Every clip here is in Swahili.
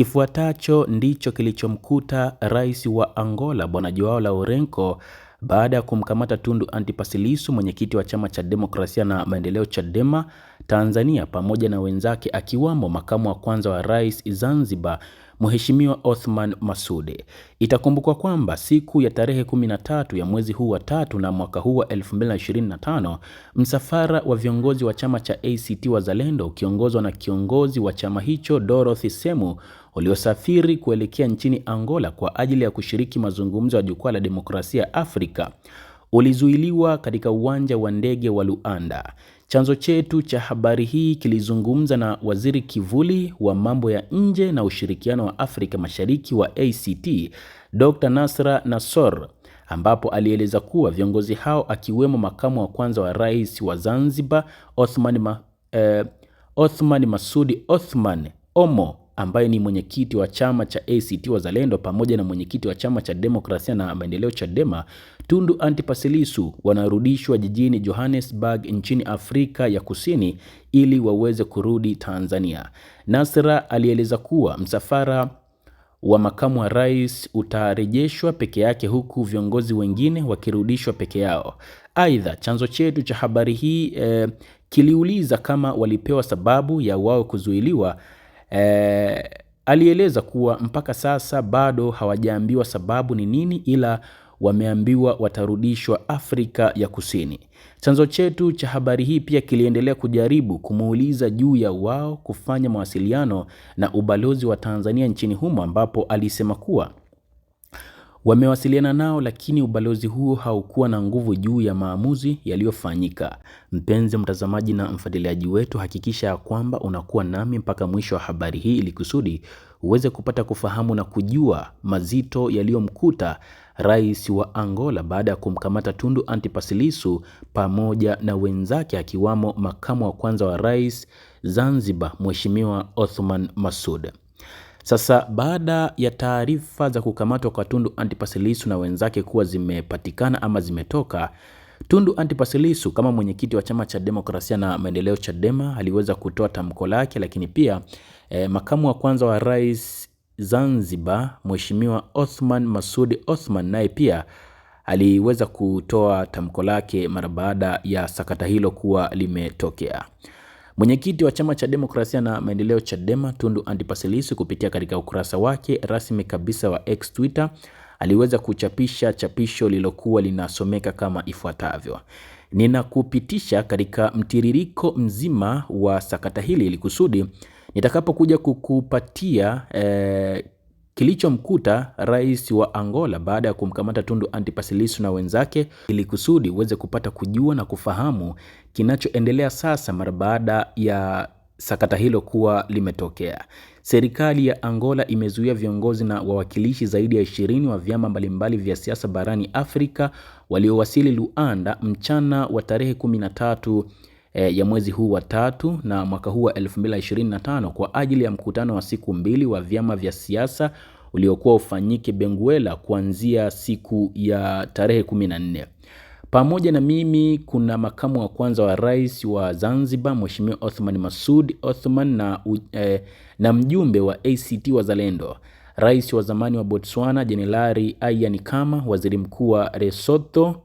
Kifuatacho ndicho kilichomkuta rais wa Angola Bwana Joao Lourenco baada ya kumkamata Tundu Antipas Lissu, mwenyekiti wa chama cha demokrasia na maendeleo Chadema Tanzania, pamoja na wenzake akiwamo makamu wa kwanza wa rais Zanzibar Mheshimiwa Othman Masude. Itakumbukwa kwamba siku ya tarehe 13 ya mwezi huu wa tatu na mwaka huu wa 2025, msafara wa viongozi wa chama cha ACT Wazalendo ukiongozwa na kiongozi wa chama hicho Dorothy Semu waliosafiri kuelekea nchini Angola kwa ajili ya kushiriki mazungumzo ya jukwaa la demokrasia Afrika ulizuiliwa katika uwanja wa ndege wa Luanda. Chanzo chetu cha habari hii kilizungumza na waziri kivuli wa mambo ya nje na ushirikiano wa Afrika Mashariki wa ACT, Dr. Nasra Nassor ambapo alieleza kuwa viongozi hao akiwemo makamu wa kwanza wa rais wa Zanzibar Othman, ma, eh, Othman Masudi Othman Omo ambaye ni mwenyekiti wa chama cha ACT Wazalendo pamoja na mwenyekiti wa chama cha demokrasia na maendeleo Chadema, Tundu Antipas Lissu wanarudishwa jijini Johannesburg nchini Afrika ya Kusini ili waweze kurudi Tanzania. Nasra alieleza kuwa msafara wa makamu wa rais utarejeshwa peke yake huku viongozi wengine wakirudishwa peke yao. Aidha, chanzo chetu cha habari hii eh, kiliuliza kama walipewa sababu ya wao kuzuiliwa E, alieleza kuwa mpaka sasa bado hawajaambiwa sababu ni nini ila wameambiwa watarudishwa Afrika ya Kusini. Chanzo chetu cha habari hii pia kiliendelea kujaribu kumuuliza juu ya wao kufanya mawasiliano na ubalozi wa Tanzania nchini humo ambapo alisema kuwa Wamewasiliana nao lakini ubalozi huo haukuwa na nguvu juu ya maamuzi yaliyofanyika. Mpenzi mtazamaji na mfuatiliaji wetu, hakikisha ya kwamba unakuwa nami mpaka mwisho wa habari hii ili kusudi uweze kupata kufahamu na kujua mazito yaliyomkuta rais wa Angola baada ya kumkamata Tundu Antipas Lissu pamoja na wenzake akiwamo makamu wa kwanza wa rais Zanzibar Mheshimiwa Othman Masoud. Sasa baada ya taarifa za kukamatwa kwa Tundu Antipas Lissu na wenzake kuwa zimepatikana ama zimetoka, Tundu Antipas Lissu kama mwenyekiti wa chama cha demokrasia na maendeleo Chadema aliweza kutoa tamko lake, lakini pia eh, makamu wa kwanza wa rais Zanzibar Mheshimiwa Othman Masudi Othman naye pia aliweza kutoa tamko lake mara baada ya sakata hilo kuwa limetokea. Mwenyekiti wa chama cha demokrasia na maendeleo Chadema Tundu Antipas Lissu kupitia katika ukurasa wake rasmi kabisa wa X Twitter aliweza kuchapisha chapisho lililokuwa linasomeka kama ifuatavyo: ninakupitisha katika mtiririko mzima wa sakata hili ili kusudi nitakapokuja kukupatia eh, kilichomkuta rais wa Angola baada ya kumkamata Tundu Antipas Lissu na wenzake, ili kusudi uweze kupata kujua na kufahamu kinachoendelea sasa mara baada ya sakata hilo kuwa limetokea. Serikali ya Angola imezuia viongozi na wawakilishi zaidi ya ishirini wa vyama mbalimbali vya siasa barani Afrika waliowasili Luanda mchana wa tarehe tatu e, ya mwezi huu wa tatu na mwaka huu wa 2025 kwa ajili ya mkutano wa siku mbili wa vyama vya siasa uliokuwa ufanyike Benguela kuanzia siku ya tarehe 14. Pamoja na mimi kuna makamu wa kwanza wa rais wa Zanzibar Mheshimiwa Othman Masud Othman na, e, na mjumbe wa ACT Wazalendo, rais wa zamani wa Botswana Jenerali Ian Kama, waziri mkuu wa Lesotho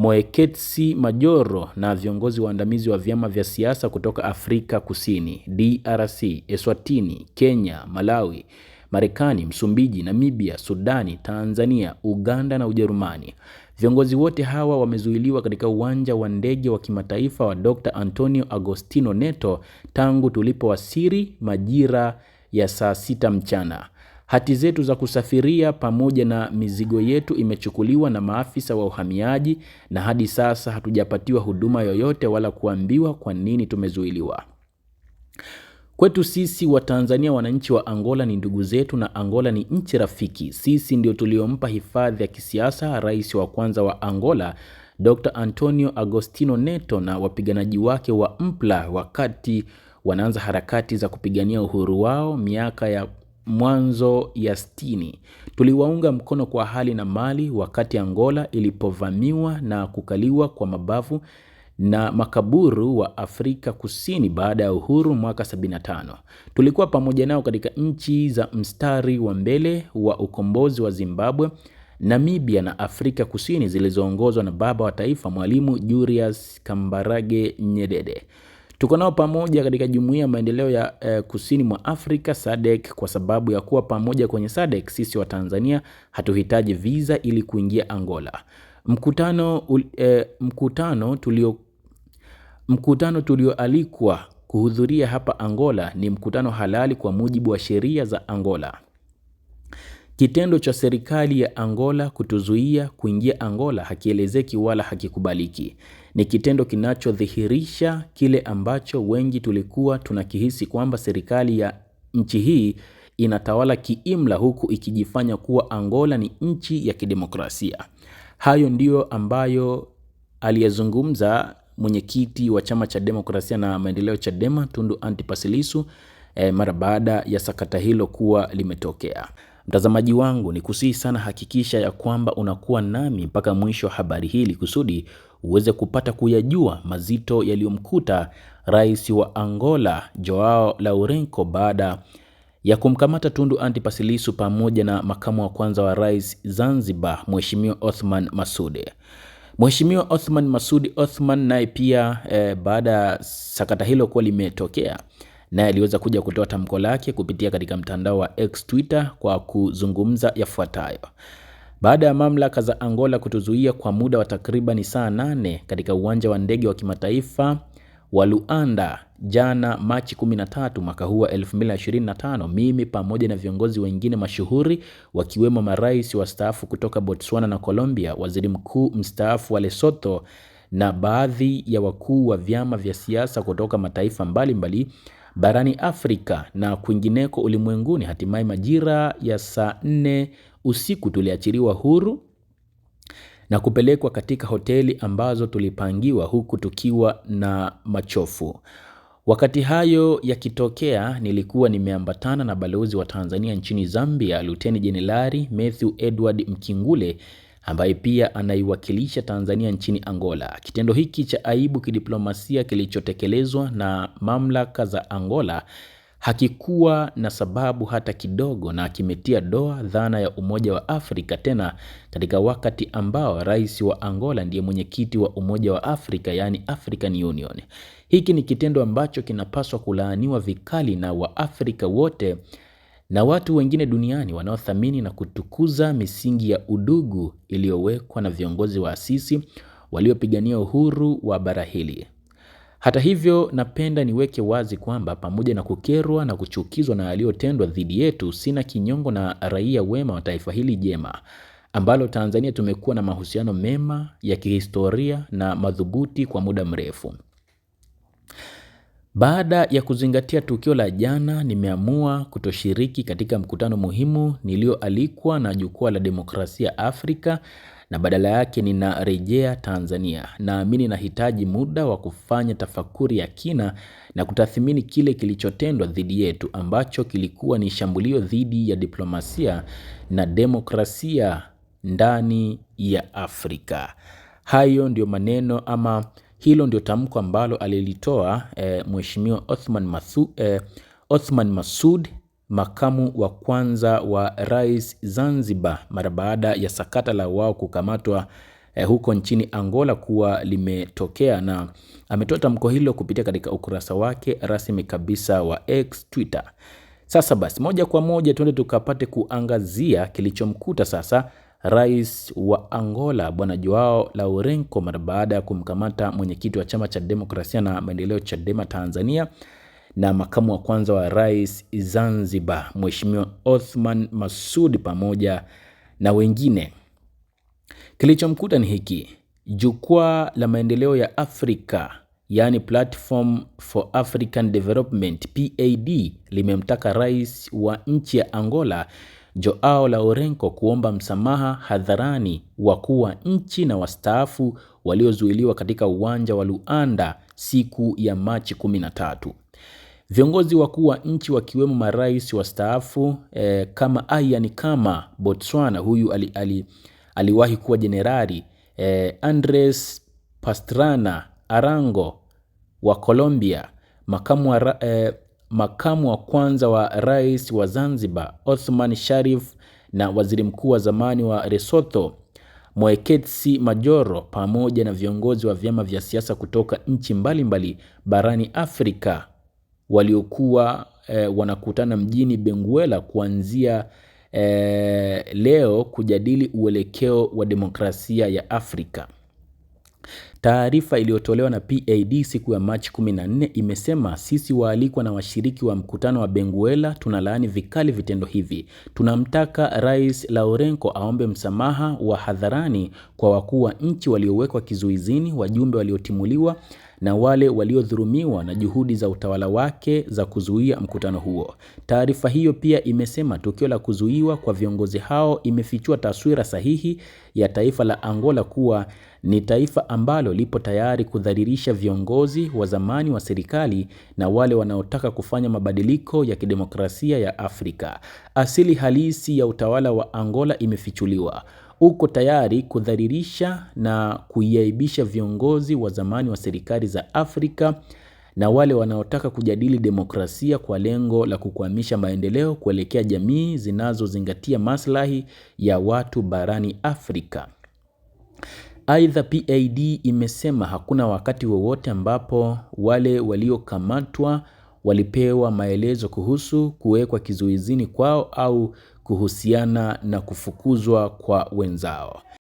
Moeketsi Majoro na viongozi waandamizi wa vyama vya siasa kutoka Afrika Kusini, DRC, Eswatini, Kenya, Malawi, Marekani, Msumbiji, Namibia, Sudani, Tanzania, Uganda na Ujerumani. Viongozi wote hawa wamezuiliwa katika uwanja wa ndege wa kimataifa wa Dr. Antonio Agostino Neto tangu tulipowasiri majira ya saa sita mchana. Hati zetu za kusafiria pamoja na mizigo yetu imechukuliwa na maafisa wa uhamiaji na hadi sasa hatujapatiwa huduma yoyote wala kuambiwa kwa nini tumezuiliwa. Kwetu sisi Watanzania, wananchi wa Angola ni ndugu zetu na Angola ni nchi rafiki. Sisi ndio tuliompa hifadhi ya kisiasa rais wa kwanza wa Angola Dr. Antonio Agostino Neto na wapiganaji wake wa MPLA wakati wanaanza harakati za kupigania uhuru wao miaka ya mwanzo ya stini. Tuliwaunga mkono kwa hali na mali wakati Angola ilipovamiwa na kukaliwa kwa mabavu na makaburu wa Afrika Kusini baada ya uhuru mwaka 75. Tulikuwa pamoja nao katika nchi za mstari wa mbele wa ukombozi wa Zimbabwe, Namibia na Afrika Kusini zilizoongozwa na baba wa taifa Mwalimu Julius Kambarage Nyerere. Tuko nao pamoja katika jumuiya ya maendeleo ya eh, kusini mwa Afrika SADC, kwa sababu ya kuwa pamoja kwenye SADC sisi wa Tanzania hatuhitaji visa ili kuingia Angola. Mkutano, eh, mkutano tulio mkutano tulioalikwa kuhudhuria hapa Angola ni mkutano halali kwa mujibu wa sheria za Angola. Kitendo cha serikali ya Angola kutuzuia kuingia Angola hakielezeki wala hakikubaliki ni kitendo kinachodhihirisha kile ambacho wengi tulikuwa tunakihisi kwamba serikali ya nchi hii inatawala kiimla huku ikijifanya kuwa Angola ni nchi ya kidemokrasia. Hayo ndiyo ambayo aliyezungumza mwenyekiti wa chama cha demokrasia na maendeleo Chadema Tundu Antipas Lissu eh, mara baada ya sakata hilo kuwa limetokea. Mtazamaji wangu, ni kusihi sana, hakikisha ya kwamba unakuwa nami mpaka mwisho wa habari hili kusudi uweze kupata kuyajua mazito yaliyomkuta rais wa Angola Joao Lourenco baada ya kumkamata Tundu Antipas Lissu pamoja na makamu wa kwanza wa rais Zanzibar Mheshimiwa Othman Masude. Mheshimiwa Othman Masudi Othman naye pia e, baada ya sakata hilo kuwa limetokea, naye aliweza kuja kutoa tamko lake kupitia katika mtandao wa X Twitter kwa kuzungumza yafuatayo baada ya mamlaka za Angola kutuzuia kwa muda wa takribani saa nane katika uwanja wa ndege wa kimataifa wa Luanda jana Machi 13 mwaka huu wa 2025, mimi pamoja na viongozi wengine mashuhuri wakiwemo marais wastaafu kutoka Botswana na Colombia, waziri mkuu mstaafu wa Lesotho na baadhi ya wakuu wa vyama vya siasa kutoka mataifa mbalimbali mbali, barani Afrika na kwingineko ulimwenguni. Hatimaye majira ya saa nne usiku tuliachiliwa huru na kupelekwa katika hoteli ambazo tulipangiwa huku tukiwa na machofu. Wakati hayo yakitokea, nilikuwa nimeambatana na balozi wa Tanzania nchini Zambia, Luteni Jenerali Mathew Edward Mkingule ambaye pia anaiwakilisha Tanzania nchini Angola. Kitendo hiki cha aibu kidiplomasia kilichotekelezwa na mamlaka za Angola hakikuwa na sababu hata kidogo na kimetia doa dhana ya Umoja wa Afrika, tena katika wakati ambao rais wa Angola ndiye mwenyekiti wa Umoja wa Afrika, yaani African Union. Hiki ni kitendo ambacho kinapaswa kulaaniwa vikali na Waafrika wote na watu wengine duniani wanaothamini na kutukuza misingi ya udugu iliyowekwa na viongozi wa asisi waliopigania uhuru wa bara hili. Hata hivyo, napenda niweke wazi kwamba pamoja na kukerwa na kuchukizwa na aliyotendwa dhidi yetu, sina kinyongo na raia wema wa taifa hili jema ambalo Tanzania tumekuwa na mahusiano mema ya kihistoria na madhubuti kwa muda mrefu. Baada ya kuzingatia tukio la jana, nimeamua kutoshiriki katika mkutano muhimu nilioalikwa na Jukwaa la Demokrasia Afrika na badala yake ninarejea Tanzania. Naamini nahitaji muda wa kufanya tafakuri ya kina na kutathmini kile kilichotendwa dhidi yetu ambacho kilikuwa ni shambulio dhidi ya diplomasia na demokrasia ndani ya Afrika. Hayo ndiyo maneno ama hilo ndio tamko ambalo alilitoa e, Mheshimiwa Othman Masu, e, Othman Masud makamu wa kwanza wa rais Zanzibar mara baada ya sakata la wao kukamatwa e, huko nchini Angola kuwa limetokea, na ametoa tamko hilo kupitia katika ukurasa wake rasmi kabisa wa X Twitter. Sasa basi, moja kwa moja tuende tukapate kuangazia kilichomkuta sasa Rais wa Angola Bwana Joao Lourenco mara baada ya kumkamata mwenyekiti wa chama cha demokrasia na maendeleo Chadema Tanzania na makamu wa kwanza wa rais Zanzibar Mheshimiwa Othman Masud pamoja na wengine. Kilichomkuta ni hiki: jukwaa la maendeleo ya Afrika yani Platform for African Development PAD limemtaka rais wa nchi ya Angola Joao Lourenco kuomba msamaha hadharani wakuu wa nchi na wastaafu waliozuiliwa katika uwanja wa Luanda siku ya Machi 13. Viongozi wakuu wa nchi wakiwemo marais wastaafu eh, kama Ian Kama Botswana, huyu ali, ali, aliwahi kuwa jenerali eh, Andres Pastrana Arango wa Colombia, makamu wa, eh, makamu wa kwanza wa rais wa Zanzibar Othman Sharif na waziri mkuu wa zamani wa Lesotho Moeketsi Majoro pamoja na viongozi wa vyama vya siasa kutoka nchi mbalimbali barani Afrika waliokuwa e, wanakutana mjini Benguela kuanzia e, leo kujadili uelekeo wa demokrasia ya Afrika. Taarifa iliyotolewa na PAD siku ya Machi 14 imesema sisi waalikwa na washiriki wa mkutano wa Benguela tunalaani vikali vitendo hivi. Tunamtaka Rais laurenko aombe msamaha wa hadharani kwa wakuu wa nchi waliowekwa kizuizini, wajumbe waliotimuliwa na wale waliodhulumiwa na juhudi za utawala wake za kuzuia mkutano huo. Taarifa hiyo pia imesema tukio la kuzuiwa kwa viongozi hao imefichua taswira sahihi ya taifa la Angola kuwa ni taifa ambalo lipo tayari kudhalilisha viongozi wa zamani wa serikali na wale wanaotaka kufanya mabadiliko ya kidemokrasia ya Afrika. Asili halisi ya utawala wa Angola imefichuliwa. Uko tayari kudhalilisha na kuiaibisha viongozi wa zamani wa serikali za Afrika na wale wanaotaka kujadili demokrasia kwa lengo la kukwamisha maendeleo kuelekea jamii zinazozingatia maslahi ya watu barani Afrika. Aidha, PAD imesema hakuna wakati wowote ambapo wale waliokamatwa walipewa maelezo kuhusu kuwekwa kizuizini kwao au kuhusiana na kufukuzwa kwa wenzao.